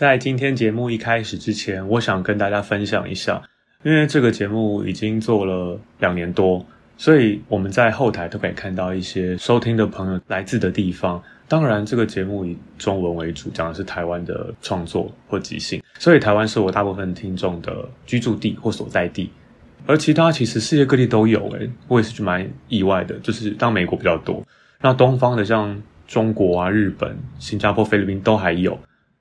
在今天節目一開始之前，我想跟大家分享一下，因為這個節目已經做了兩年多，所以我們在後台都可以看到一些收聽的朋友來自的地方。當然，這個節目以中文為主，講的是台灣的創作或即興，所以台灣是我大部分聽眾的居住地或所在地。而其他其實世界各地都有，欸，哎，我也是蠻意外的，就是當美國比較多，那東方的像中國啊、日本、新加坡、菲律賓都還有。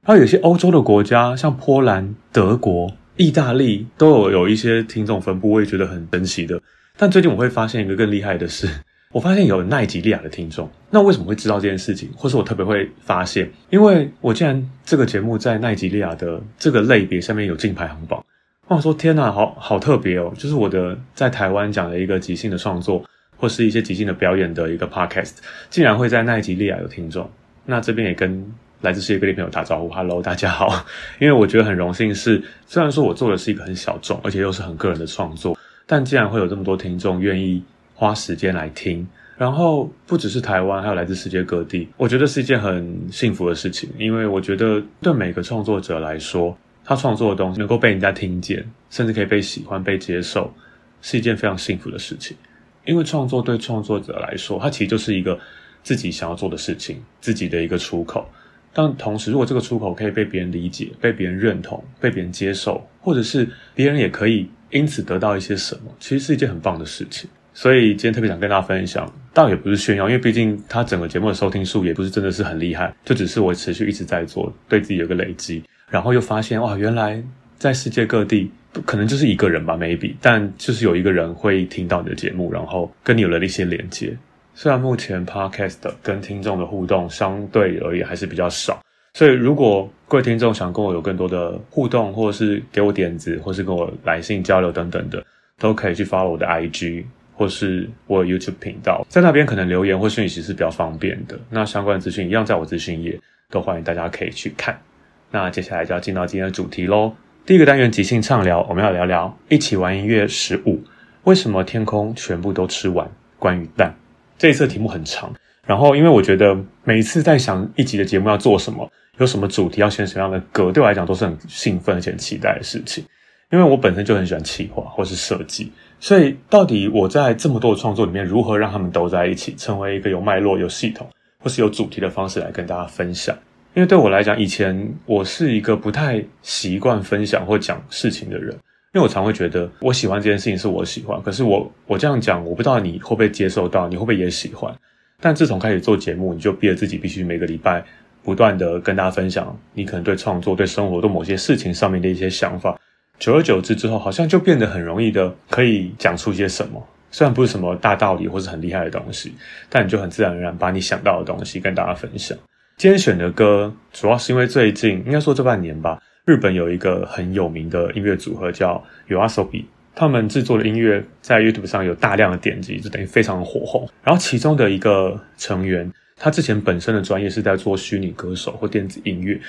還有、啊、有些歐洲的國家，像波蘭、德國、意大利，都有有一些聽眾分布，我也覺得很神奇的。但最近我會發現一個更厲害的事，我發現有奈及利亞的聽眾。那為什麼會知道這件事情？或是我特別會發現，因為我竟然這個節目在奈及利亞的這個類別下面有進排行榜。我想說天哪，好好特別哦！就是我的在台灣講的一個即興的創作，或是一些即興的表演的一個 podcast，竟然會在奈及利亞有聽眾。那這邊也跟。來自世界各地朋友打招呼，Hello，大家好。因為我覺得很榮幸是，雖然說我做的是一個很小眾，而且又是很個人的創作，但既然會有這麼多聽眾願意花時間來聽，然後不只是台灣，還有來自世界各地，我覺得是一件很幸福的事情。因為我覺得對每個創作者來說，他創作的東西能夠被人家聽見，甚至可以被喜歡、被接受，是一件非常幸福的事情。因為創作對創作者來說，它其實就是一個自己想要做的事情，自己的一個出口。但同時，如果這個出口可以被別人理解、被別人認同、被別人接受，或者是別人也可以因此得到一些什麼，其實是一件很棒的事情。所以今天特別想跟大家分享，倒也不是炫耀，因為畢竟他整個節目的收聽數也不是真的是很厲害，就只是我持續一直在做，對自己有個累積，然後又發現哇，原來在世界各地可能就是一個人吧，maybe，但就是有一個人會聽到你的節目，然後跟你有了一些連接。雖然目前 podcast 跟聽眾的互動相對而言還是比較少，所以如果各位聽眾想跟我有更多的互動，或是給我點子，或是跟我來信交流等等的，都可以去 follow 我的 IG 或是我 YouTube 頻道，在那邊可能留言或訊息是比較方便的。那相關的資訊一樣在我資訊頁，都歡迎大家可以去看。那接下來就要進到今天的主題嘍。第一個單元即興唱聊，我們要聊聊一起玩音樂十五，為什麼、天空、全部都吃完、關於蛋？這一次的題目很長，然後因為我覺得每一次在想一集的節目要做什麼，有什麼主題，要選什麼樣的歌，對我來講都是很興奮，而且很期待的事情。因為我本身就很喜歡企劃或是設計，所以到底我在這麼多的創作裡面，如何讓他們都在一起，成為一個有脈絡、有系統或是有主題的方式來跟大家分享？因為對我來講，以前我是一個不太習慣分享或講事情的人。因為我常會覺得，我喜歡這件事情是我喜歡，可是我我這樣講，我不知道你會不會接受到，你會不會也喜歡？但自從開始做節目，你就逼着自己必須每個禮拜不斷的跟大家分享你可能對創作、對生活、對某些事情上面的一些想法。久而久之之後，好像就變得很容易的可以講出一些什麼。雖然不是什麼大道理或是很厲害的東西，但你就很自然而然把你想到的東西跟大家分享。今天選的歌，主要是因為最近，應該說這半年吧。日本有一個很有名的音樂組合叫 YOASOBI，他們製作的音樂在 YouTube 上有大量的點擊，就等於非常的火紅。然後其中的一個成員，他之前本身的專業是在做虛擬歌手或電子音樂，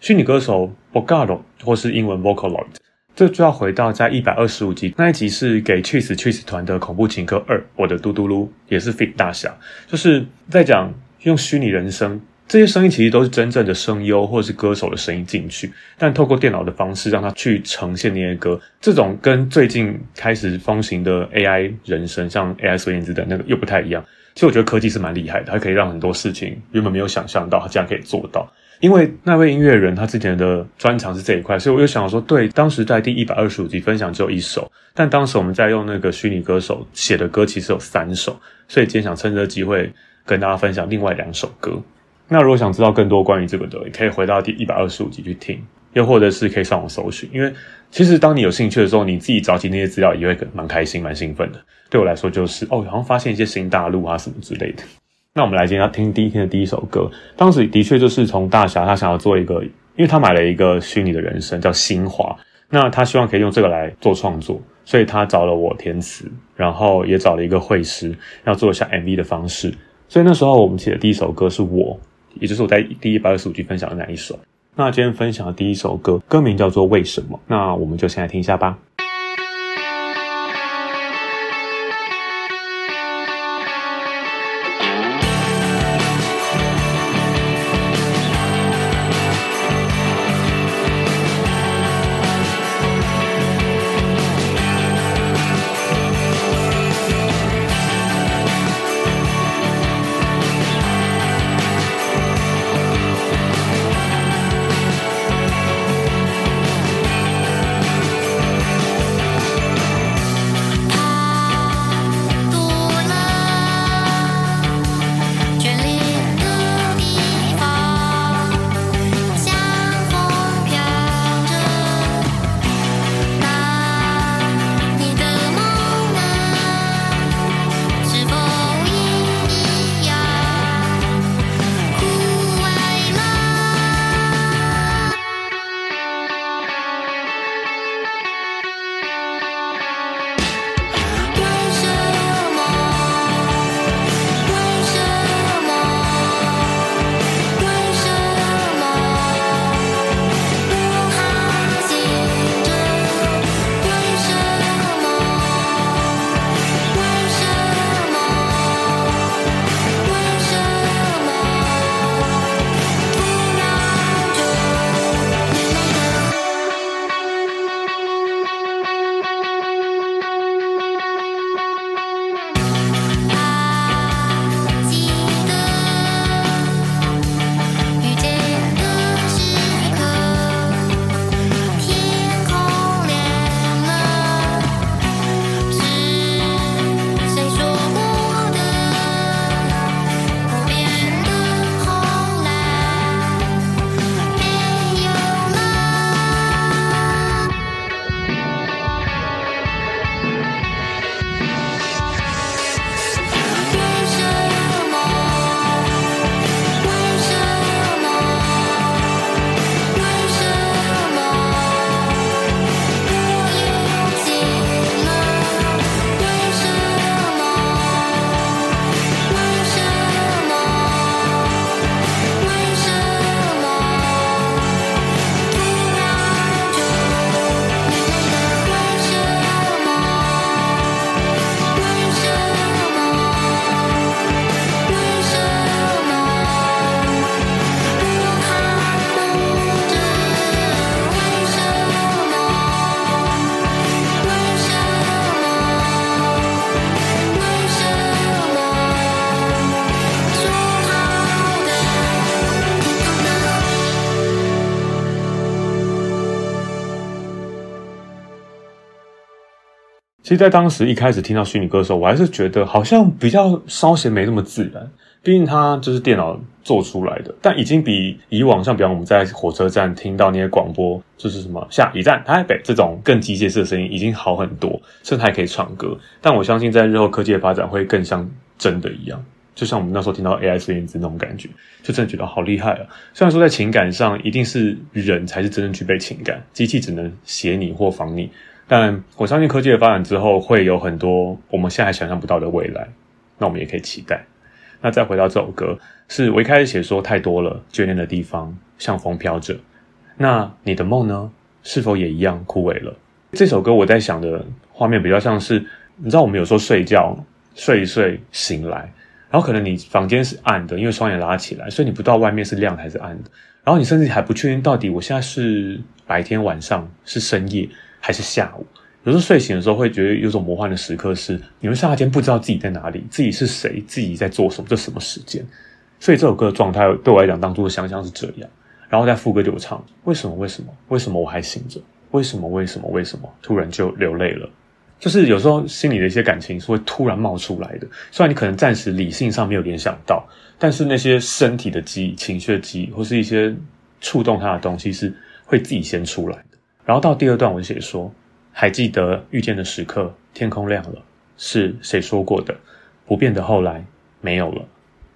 虛擬歌手 Vocaloid 或是英文 Vocaloid。這就要回到在一百二十五集那一集，是給去死去死團的恐怖情歌二，我的嘟嘟嚕也是 ft. 大俠，就是在講用虛擬人聲。這些聲音其實都是真正的聲優或者是歌手的聲音進去，但透過電腦的方式讓他去呈現那些歌，這種跟最近開始風行的 AI 人聲，像 AI 孫燕姿等那個又不太一樣。其實我覺得科技是蠻厲害的，它可以讓很多事情原本沒有想象到，它竟然可以做到。因為那位音樂人他之前的專長是這一塊，所以我又想說，對，當時在第一百二十五集分享只有一首，但當時我們在用那個虛擬歌手寫的歌其實有三首，所以今天想趁着這個機會跟大家分享另外兩首歌。那如果想知道更多關於這個的，也可以回到第一百二十五集去聽，又或者是可以上網搜尋。因為其實當你有興趣的時候，你自己找起那些資料也會蠻開心、蠻興奮的。對我來說，就是哦，好像發現一些新大陸啊什麼之類的。那我們來今天要聽第一天的第一首歌。當時的確就是從大俠他想要做一個，因為他買了一個虛擬的人生叫心華，那他希望可以用這個來做創作，所以他找了我填詞，然後也找了一個繪師，要做一下 MV 的方式。所以那時候我們寫的第一首歌是我，也就是我在第一百二十五集分享的那一首。那今天分享的第一首歌，歌名叫做《為什麼》。那我們就先來聽一下吧。其實，在當時一開始聽到虛擬歌的時候，我還是覺得好像比較稍嫌沒那麼自然，畢竟它就是電腦做出來的。但已經比以往，像比方我們在火車站聽到那些廣播，就是什麼下一站台北這種更機械式的聲音，已經好很多。甚至還可以唱歌。但我相信，在日後科技的發展，會更像真的一樣，就像我們那時候聽到 AI 聲音那種感覺，就真的覺得好厲害啊！雖然說在情感上，一定是人才是真正具備情感，機器只能寫你或仿你。但我相信科技的發展之後，會有很多我們現在還想象不到的未來，那我們也可以期待。那再回到這首歌，是我一開始寫說，太多了，眷戀的地方像風飄着。那你的夢呢？是否也一樣枯萎了？這首歌我在想的畫面比較像是，你知道我們有時候睡覺睡一睡醒來，然後可能你房間是暗的，因為窗簾拉起來，所以你不知道外面是亮還是暗的。然後你甚至還不確定到底我現在是白天、晚上，是深夜。還是下午，有時候睡醒的時候會覺得有種魔幻的時刻是，是你們剎那間不知道自己在哪裡，自己是誰，自己在做什麼，這什麼時間？所以這首歌的狀態對我來講，當初的想象是這樣。然後在副歌就唱：為什麼？為什麼？為什麼我還醒着？為什麼？為什麼？為什麼？突然就流淚了。就是有時候心裡的一些感情是會突然冒出來的，雖然你可能暫時理性上沒有聯想到，但是那些身體的記憶、情緒的記憶，或是一些觸動他的東西，是會自己先出來。然後到第二段，我就寫說，還記得遇見的時刻，天空亮了，是誰說過的，不變的後來沒有了。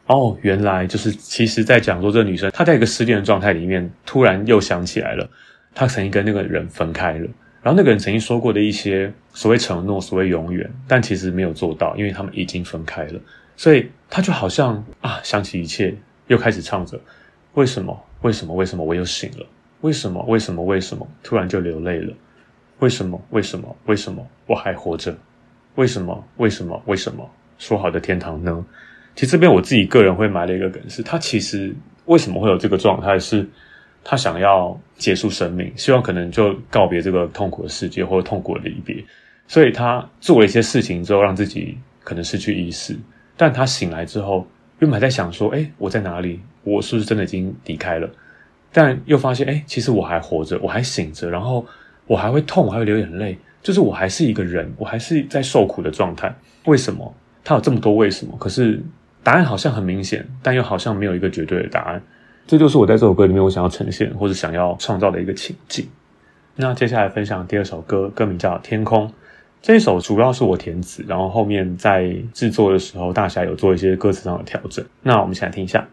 哦，原來就是其實，在講說這女生，她在一個失戀的狀態裡面，突然又想起來了，她曾經跟那個人分開了，然後那個人曾經說過的一些所謂承諾，所謂永遠，但其實沒有做到，因為他們已經分開了，所以她就好像啊，想起一切，又開始唱着，為什麼，為什麼，為什麼我又醒了。為什麼？為什麼？為什麼？突然就流淚了，為什麼？為什麼？為什麼？我還活着，為什麼？為什麼？為什麼？說好的天堂呢？其實這邊我自己個人會埋了一個梗是，是他其實為什麼會有這個狀態是，是他想要結束生命，希望可能就告別這個痛苦的世界或者痛苦的離別，所以他做了一些事情之後，讓自己可能失去意識，但他醒來之後又還在想說：“哎，我在哪裡？我是不是真的已經離開了？”但又發現，哎、欸，其實我還活着，我還醒着，然後我還會痛，我還會流眼淚，就是我還是一個人，我還是在受苦的狀態。為什麼？他有這麼多為什麼？可是答案好像很明顯，但又好像沒有一個絕對的答案。這就是我在這首歌裡面我想要呈現或者想要創造的一個情景。那接下來分享第二首歌，歌名叫《天空》。這一首主要是我填詞，然後後面在制作的時候，大俠有做一些歌詞上的調整。那我們先來聽一下。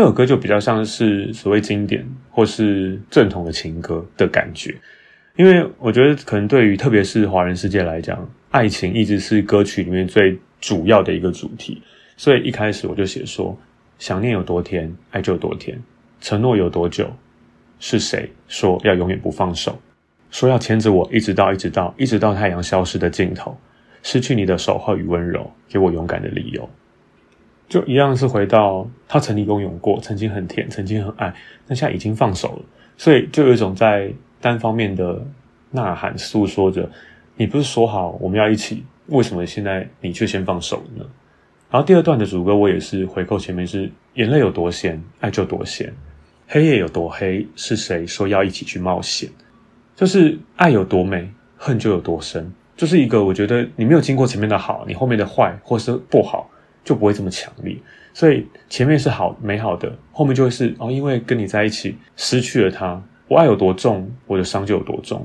這首歌就比較像是所謂經典或是正統的情歌的感覺，因為我覺得可能對於特別是華人世界來講，愛情一直是歌曲裡面最主要的一個主題。所以一開始我就寫說，想念有多甜，愛就有多甜；承諾有多久，是誰說要永遠不放手，說要牽着我一直到一直到一直到太陽消失的盡頭，失去你的守候與溫柔，給我勇敢的理由。就一樣是回到他曾經擁有過，曾經很甜，曾經很愛，但現在已經放手了，所以就有一種在單方面的吶喊，訴說着你不是說好我們要一起，為什麼現在你卻先放手呢？然後第二段的主歌我也是回扣前面，是眼淚有多鹹，愛就多鹹，黑夜有多黑，是誰說要一起去冒險？就是愛有多美，恨就有多深，就是一個我覺得你沒有經過前面的好，你後面的壞或是不好。就不會這麼強烈，所以前面是好美好的，後面就會是哦，因為跟你在一起失去了他，我愛有多重，我的傷就有多重，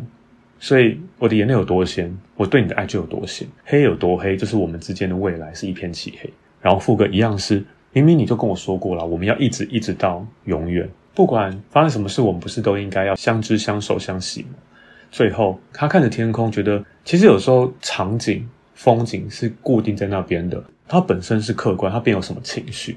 所以我的眼淚有多鹹，我對你的愛就有多鹹。黑有多黑，就是我們之間的未來是一片漆黑。然後副歌一樣是，明明你就跟我說過了，我們要一直一直到永遠，不管發生什麼事，我們不是都應該要相知、相守、相惜嗎？最後，他看着天空，覺得其實有時候場景、風景是固定在那邊的。他本身是客觀，他並有什麼情緒，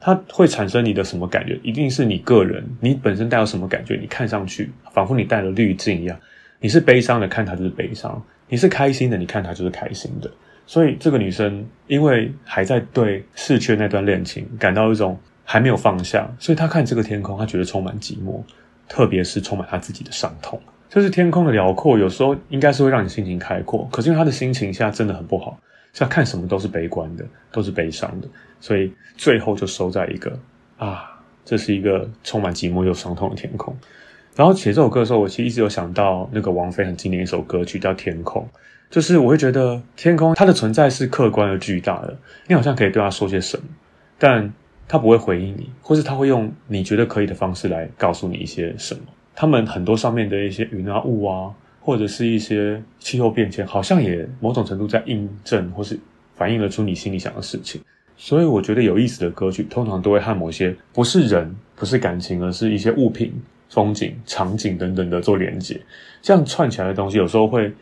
他會產生你的什麼感覺？一定是你個人，你本身帶有什麼感覺？你看上去仿佛你戴了濾鏡一樣，你是悲傷的看他就是悲傷，你是開心的你看他就是開心的。所以這個女生因為還在對逝去的那段戀情感到一種還沒有放下，所以她看這個天空，她覺得充滿寂寞，特別是充滿她自己的傷痛。就是天空的遼闊有時候應該是會讓你心情開闊，可是因為她的心情現在真的很不好。像看什麼都是悲觀的，都是悲傷的，所以最後就收在一個啊，這是一個充滿寂寞又傷痛的天空。然後寫這首歌的時候，我其實一直有想到那個王菲很經典的一首歌曲叫《天空》，就是我會覺得天空它的存在是客觀而巨大的，你好像可以對他說些什麼，但他不會回應你，或是他會用你覺得可以的方式來告訴你一些什麼。他們很多上面的一些雲啊霧啊。霧啊或者是一些氣候變遷，好像也某種程度在印證，或是反映了出你心裡想的事情。所以我覺得有意思的歌曲通常都會和某些不是人、不是感情，而是一些物品、風景、場景等等的做連接，這樣串起來的東西，有時候會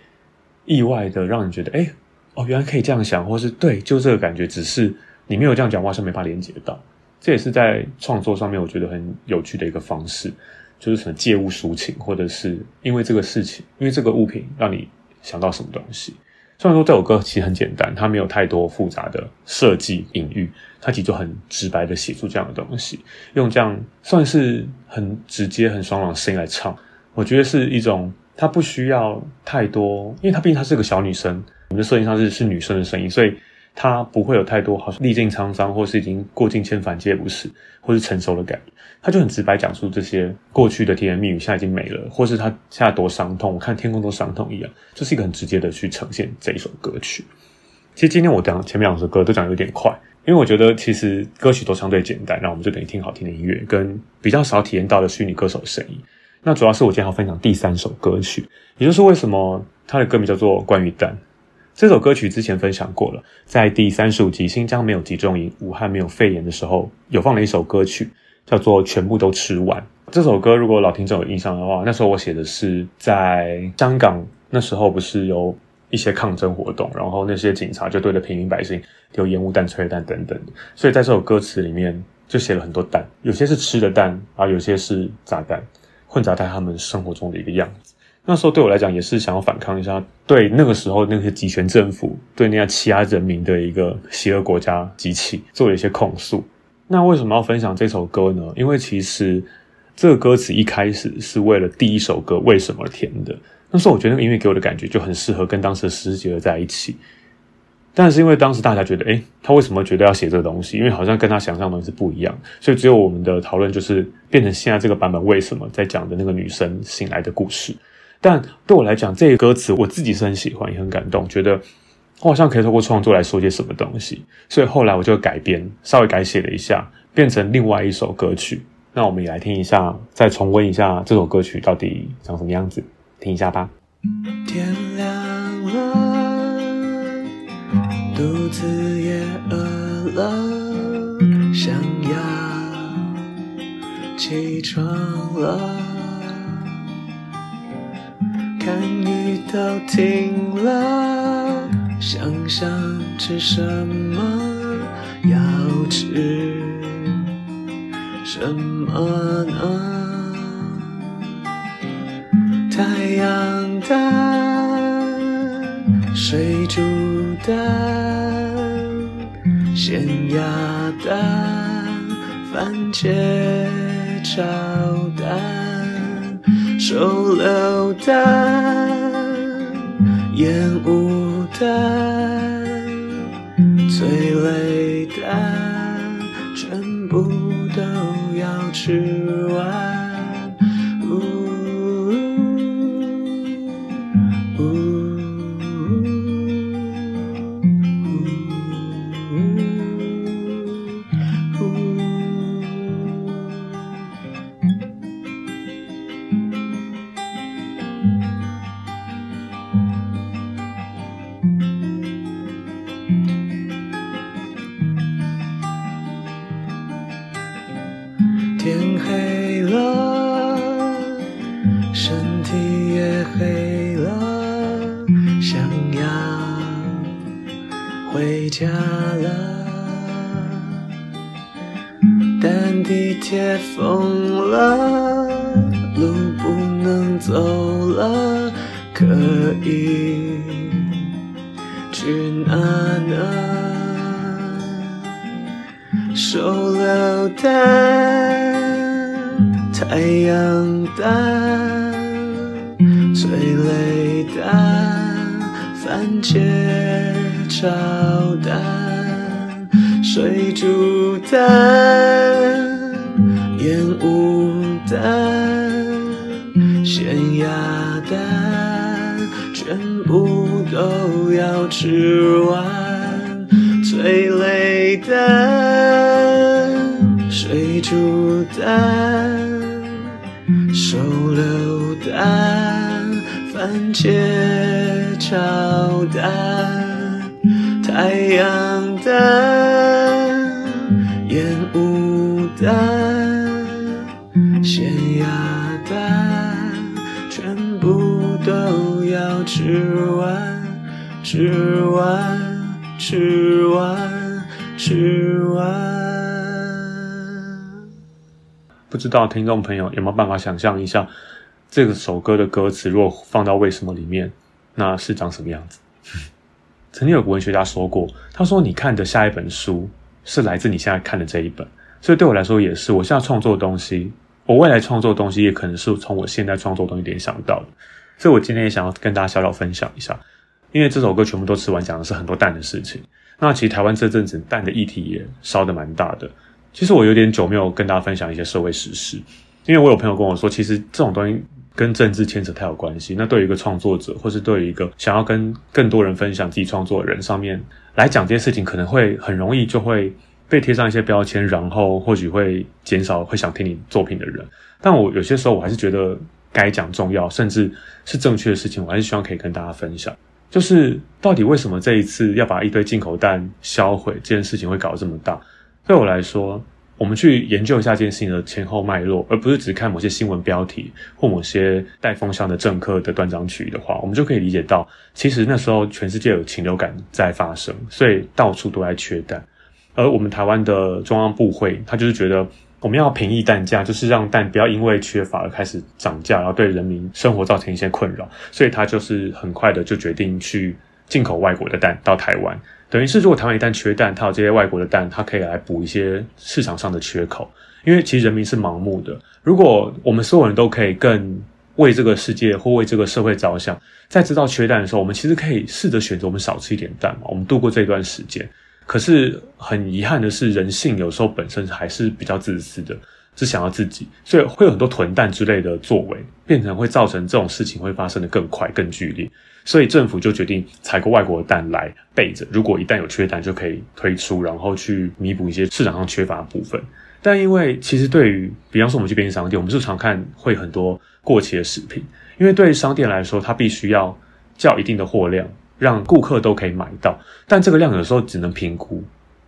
意外的讓你覺得，誒、欸，哦，原來可以這樣想，或是對，就這個感覺。只是你沒有這樣講話，是沒法連接到。這也是在創作上面，我覺得很有趣的一個方式。就是什麼借物抒情，或者是因為這個事情，因為這個物品讓你想到什麼東西。雖然說這首歌其實很簡單，它沒有太多複雜的設計隱喻，它其實就很直白的寫出這樣的東西，用這樣算是很直接、很爽朗的聲音來唱。我覺得是一種，它不需要太多，因為它畢竟她是個小女生，我們的聲音上是是女生的聲音，所以。他不會有太多好像歷盡滄桑，或是已經過盡千帆皆不是，或是成熟的感覺。他就很直白講述這些過去的甜言蜜語，現在已經沒了，或是他現在多傷痛。我看天空多傷痛一樣，這，就是一個很直接的去呈現這一首歌曲。其實今天我講前面兩首歌都講得有點快，因為我覺得其實歌曲都相對簡單，那我們就等於聽好聽的音樂，跟比較少體驗到的虛擬歌手的聲音。那主要是我今天要分享第三首歌曲，也就是為什麼他的歌名叫做《關於蛋》。這首歌曲之前分享過了，在第三十五集新疆沒有集中營、武漢沒有肺炎的時候，有放了一首歌曲，叫做《全部都吃完》。這首歌如果老聽眾有印象的話，那時候我寫的是在香港，那時候不是有一些抗爭活動，然後那些警察就對着平民百姓丟煙霧彈、催淚彈等等，所以在這首歌詞裡面就寫了很多蛋，有些是吃的蛋，而有些是炸彈，混雜在他們生活中的一個樣子。那時候對我來講也是想要反抗一下，對那個時候那些極權政府對那些欺壓人民的一個邪惡國家機器做了一些控訴。那為什麼要分享這首歌呢？因為其實這個歌詞一開始是為了第一首歌為什麼而填的。那時候我覺得那個音樂給我的感覺就很適合跟當時的詩結合在一起，但是因為當時大家覺得，誒、欸、他為什麼覺得要寫這個東西？因為好像跟他想象的東西不一樣，所以只有我們的討論就是變成現在這個版本為什麼在講的那個女生醒來的故事。但對我來講，這個歌詞我自己是很喜歡，也很感動，覺得我好像可以透過創作來說一些什麼東西。所以後來我就改編，稍微改寫了一下，變成另外一首歌曲。那我們也來聽一下，再重溫一下這首歌曲到底長什麼樣子，聽一下吧。天亮了，肚子也餓了，想要起床了。看雨都停了，想想吃什麼？要吃什麼呢？太陽蛋、水煮蛋、鹹鴨蛋、番茄炒蛋。手榴彈、煙霧彈、催淚彈，全部都要吃。天黑了，身體也黑了，想要回家了，但地鐵封了，路不能走了，可以去哪呢？手榴彈。太陽蛋、催淚彈、番茄炒蛋、水煮蛋、煙霧彈、鹹鴨蛋，全部都要吃完。催淚彈、水煮蛋。手榴彈、番茄炒蛋、太陽蛋、煙霧彈、鹹鴨蛋，全部都要吃完，吃完，吃完。知道聽眾朋友有沒有辦法想象一下，這個、首歌的歌詞如果放到為什麼裡面，那是長什麼樣子？ 曾經有個文學家說過，他說你看的下一本書是來自你現在看的這一本，所以對我來說也是，我現在創作的東西，我未來創作的東西也可能是從我現在創作的東西聯想到的。所以我今天也想要跟大家小小分享一下，因為這首歌全部都吃完，講的是很多蛋的事情。那其實台灣這陣子蛋的議題也燒得蠻大的。其實我有點久沒有跟大家分享一些社會時事，因為我有朋友跟我說，其實這種東西跟政治牽扯太有關係。那對於一個創作者，或是對於一個想要跟更多人分享自己創作的人上面來講，這些事情可能會很容易就會被貼上一些標籤，然後或許會減少會想聽你作品的人。但我有些時候我還是覺得該講重要，甚至是正確的事情，我還是希望可以跟大家分享。就是到底為什麼這一次要把一堆進口蛋銷毀這件事情會搞得這麼大？對我來說，我們去研究一下這件事情的前後脈絡，而不是只看某些新聞標題或某些帶風向的政客的斷章取義的話，我們就可以理解到，其實那時候全世界有禽流感在發生，所以到處都在缺蛋。而我們台灣的中央部會，他就是覺得我們要平抑蛋價，就是讓蛋不要因為缺乏而開始漲價，然後對人民生活造成一些困擾，所以他就是很快的就決定去進口外國的蛋到台灣。等於是，如果台灣一旦缺蛋，它有這些外國的蛋，它可以來補一些市場上的缺口。因為其實人民是盲目的，如果我們所有人都可以更為這個世界或為這個社會着想，在知道缺蛋的時候，我們其實可以試着選擇我們少吃一點蛋嘛，我們度過這一段時間。可是很遺憾的是，人性有時候本身還是比較自私的，只想要自己，所以會有很多囤蛋之類的作為，變成會造成這種事情會發生得更快、更劇烈。所以政府就決定採購外國的蛋來備着，如果一旦有缺蛋，就可以推出，然後去彌補一些市場上缺乏的部分。但因為其實對於，比方說我們去便利商店，我們是常看會很多過期的食品，因為對於商店來說，它必須要叫一定的貨量，讓顧客都可以買到。但這個量有時候只能評估，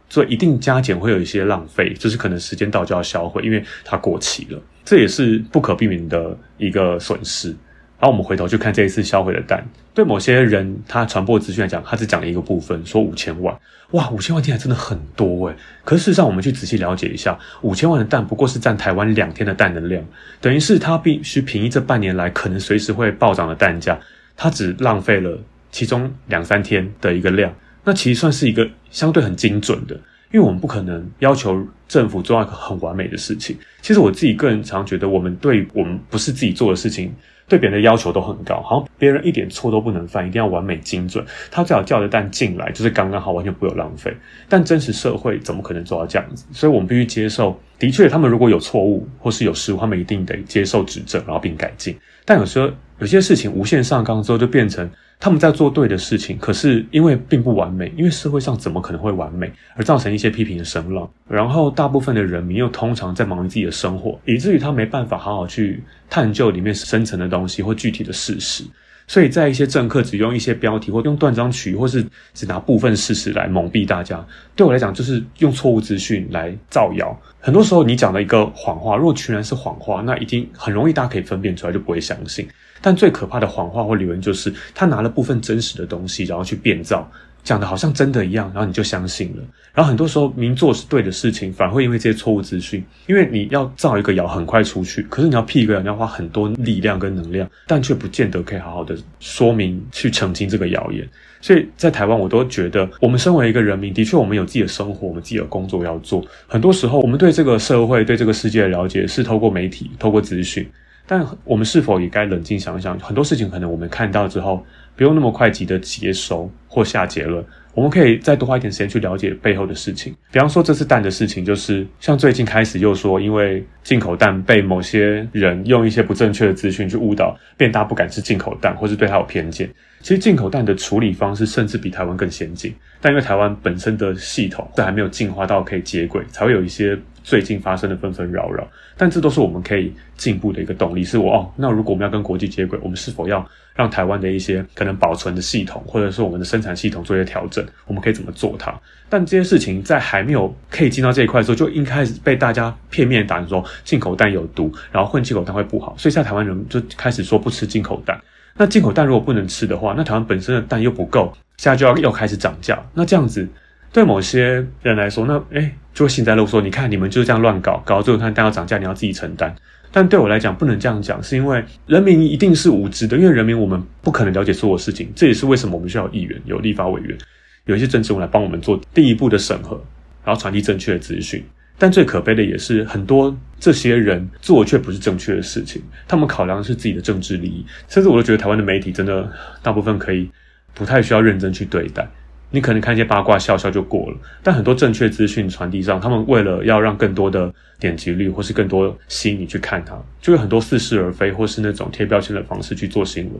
所以一定加減會有一些浪費，就是可能時間到就要銷毀，因為它過期了，這也是不可避免的一個損失。然後我們回頭去看這一次銷毀的蛋，對某些人他傳播資訊來講，他只講了一個部分，說五千萬，哇，五千萬聽起來真的很多誒、欸。可事實上，我們去仔細了解一下，五千萬的蛋不過是佔台灣兩天的蛋的量，等於是他必須平抑這半年來可能隨時會暴漲的蛋價，他只浪費了其中兩三天的一個量，那其實算是一個相對很精準的。因為我們不可能要求政府做到一個很完美的事情。其實我自己個人常覺得，我們對我們不是自己做的事情，對別人的要求都很高，好像別人一點錯都不能犯，一定要完美精準，他最好叫的蛋進來就是剛剛好，完全不會有浪費。但真實社會怎麼可能做到這樣子？所以我們必須接受，的確他們如果有錯誤或是有失誤，他們一定得接受指正，然後並改進。但有時候有些事情無限上綱之後，就變成。他們在做對的事情，可是因為並不完美，因為社會上怎麼可能會完美，而造成一些批評的聲浪。然後大部分的人民又通常在忙於自己的生活，以至於他沒辦法好好去探究裡面深層的東西或具體的事實。所以在一些政客只用一些標題或用斷章取義，或是只拿部分事實來矇蔽大家。對我來講，就是用錯誤資訊來造謠。很多時候，你講的一個謊話，如果全然是謊話，那一定很容易大家可以分辨出來，就不會相信。但最可怕的謊話或理論就是他拿了部分真實的東西，然後去變造，講的好像真的一樣，然後你就相信了。然後很多時候，明明做是對的事情，反而會因為這些錯誤資訊，因為你要造一個謠很快出去，可是你要闢一個謠，你要花很多力量跟能量，但卻不見得可以好好的說明去澄清這個謠言。所以在台灣，我都覺得，我們身為一個人民，的確我們有自己的生活，我們自己的工作要做。很多時候，我們對這個社會、對這個世界的了解，是透過媒體、透過資訊。但我們是否也該冷靜想想？很多事情可能我們看到之後，不用那麼快急著接收或下結論。我們可以再多花一點時間去了解背後的事情。比方說這次蛋的事情，就是像最近開始又說，因為進口蛋被某些人用一些不正確的資訊去誤導，便大家不敢吃進口蛋，或是對它有偏見。其實進口蛋的處理方式甚至比台灣更先進，但因為台灣本身的系統這還沒有進化到可以接軌，才會有一些。最近發生的紛紛擾擾，但這都是我們可以進步的一個動力。是我哦，那如果我們要跟國際接軌，我們是否要讓台灣的一些可能保存的系統，或者是我們的生產系統做一些調整？我們可以怎麼做它？但這些事情在還沒有可以進到這一塊的時候，就一開始被大家片面打成說進口蛋有毒，然後混進口蛋會不好，所以現在台灣人就開始說不吃進口蛋。那進口蛋如果不能吃的話，那台灣本身的蛋又不夠，現在就要又開始漲價。那這樣子對某些人來說，那誒、欸就幸災樂禍說：“你看，你們就這樣亂搞，搞到最後看蛋要漲價，你要自己承擔。”但對我來講，不能這樣講，是因為人民一定是無知的，因為人民我們不可能了解所有事情。這也是為什麼我們需要有議員、有立法委員、有一些政治人來幫我們做第一步的審核，然後傳遞正確的資訊。但最可悲的也是，很多這些人做卻不是正確的事情，他們考量的是自己的政治利益，甚至我都覺得台灣的媒體真的大部分可以不太需要認真去對待。你可能看一些八卦，笑笑就過了。但很多正確資訊傳遞上，他們為了要讓更多的點擊率，或是更多吸引你去看它，就有很多似是而非，或是那種貼標籤的方式去做新聞，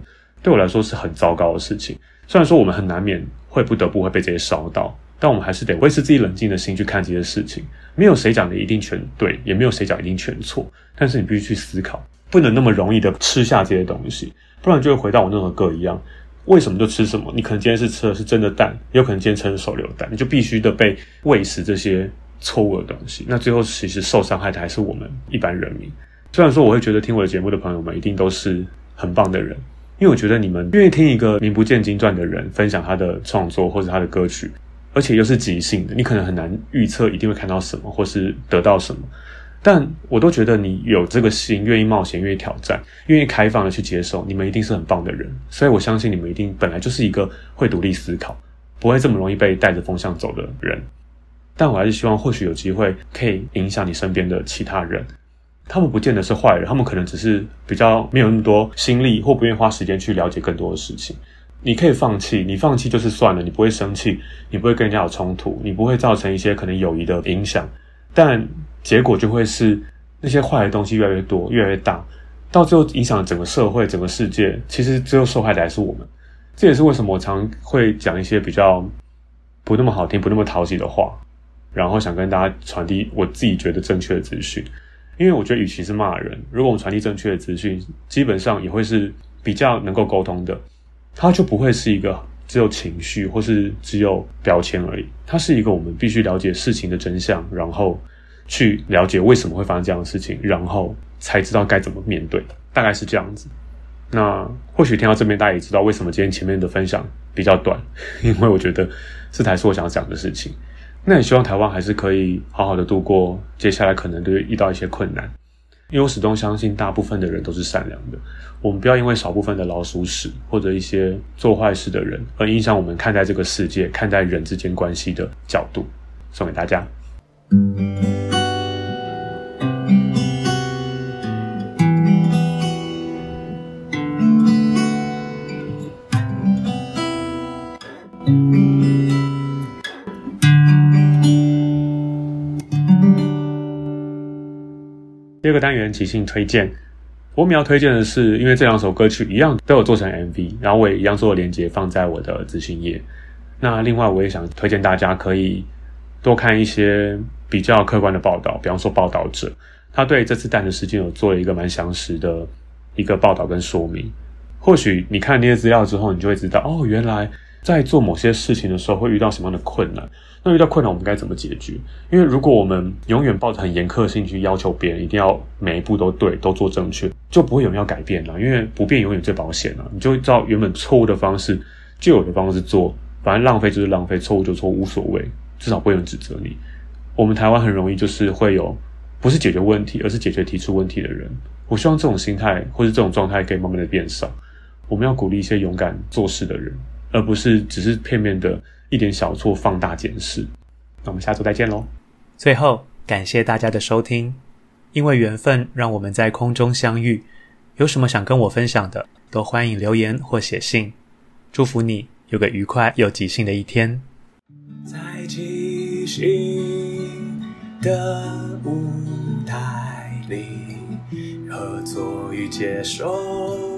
對我來說是很糟糕的事情。雖然說我們很難免會不得不會被這些燒到，但我們還是得維持自己冷靜的心去看這些事情。沒有誰講的一定全對，也沒有誰講一定全錯。但是你必須去思考，不能那麼容易的吃下這些東西，不然就會回到我那首歌一樣。為什麼就吃什麼？你可能今天是吃的是真的蛋，也有可能今天吃的手榴彈，你就必須得被餵食這些錯誤的東西。那最後其實受傷害的還是我們一般人民。雖然說我會覺得聽我的節目的朋友們一定都是很棒的人，因為我覺得你們願意聽一個名不見經傳的人分享他的創作或者他的歌曲，而且又是即興的，你可能很難預測一定會看到什麼或是得到什麼。但我都覺得你有這個心，願意冒險，願意挑戰，願意開放的去接受，你們一定是很棒的人。所以我相信你們一定本來就是一個會獨立思考，不會這麼容易被帶着風向走的人。但我還是希望，或許有機會可以影響你身邊的其他人。他們不見得是壞人，他們可能只是比較沒有那麼多心力，或不願意花時間去了解更多的事情。你可以放棄，你放棄就是算了，你不會生氣，你不會跟人家有衝突，你不會造成一些可能友誼的影響。但結果就會是那些壞的東西越來越多，越來越大，到最後影響整個社會、整個世界。其實最後受害的還是我們。這也是為什麼我常會講一些比較不那麼好聽、不那麼討喜的話，然後想跟大家傳遞我自己覺得正確的資訊。因為我覺得，與其是罵人，如果我們傳遞正確的資訊，基本上也會是比較能夠溝通的。它就不會是一個只有情緒或是只有標籤而已。它是一個我們必須了解事情的真相，然後，去了解為什麼會發生這樣的事情，然後才知道該怎麼面對，大概是這樣子。那或許聽到這邊，大家也知道為什麼今天前面的分享比較短，因為我覺得這才是我想講的事情。那也希望台灣還是可以好好的度過接下來可能遇到一些困難，因為我始終相信大部分的人都是善良的。我們不要因為少部分的老鼠屎或者一些做壞事的人而影響我們看待這個世界、看待人之間關係的角度。送給大家。嗯單元即興推薦，我比較要推薦的是，因為這兩首歌曲一樣都有做成 MV，然後我也一樣做了鏈接放在我的資訊頁。那另外我也想推薦大家可以多看一些比較客觀的報道，比方說《報道者》，他對這次蛋的事件有做了一個蠻詳實的一個報道跟說明。或許你看那些資料之後，你就會知道哦，原來。在做某些事情的時候，會遇到什麼樣的困難？那遇到困難，我們該怎麼解決？因為如果我們永遠抱着很嚴苛的心去要求別人，一定要每一步都對，都做正確，就不會有人要改變了。因為不變永遠最保險了。你就照原本錯誤的方式，舊有的方式做，反正浪費就是浪費，錯誤就錯，無所謂，至少不用指責你。我們台灣很容易就是會有，不是解決問題，而是解決提出問題的人。我希望這種心態或是這種狀態可以慢慢的變少。我們要鼓勵一些勇敢做事的人。而不是只是片面的一點小錯放大檢視。那我們下周再見嘍！最後感謝大家的收聽，因為緣分讓我們在空中相遇。有什麼想跟我分享的，都歡迎留言或寫信。祝福你有個愉快又即興的一天。在即興的舞台裡，合作與接受。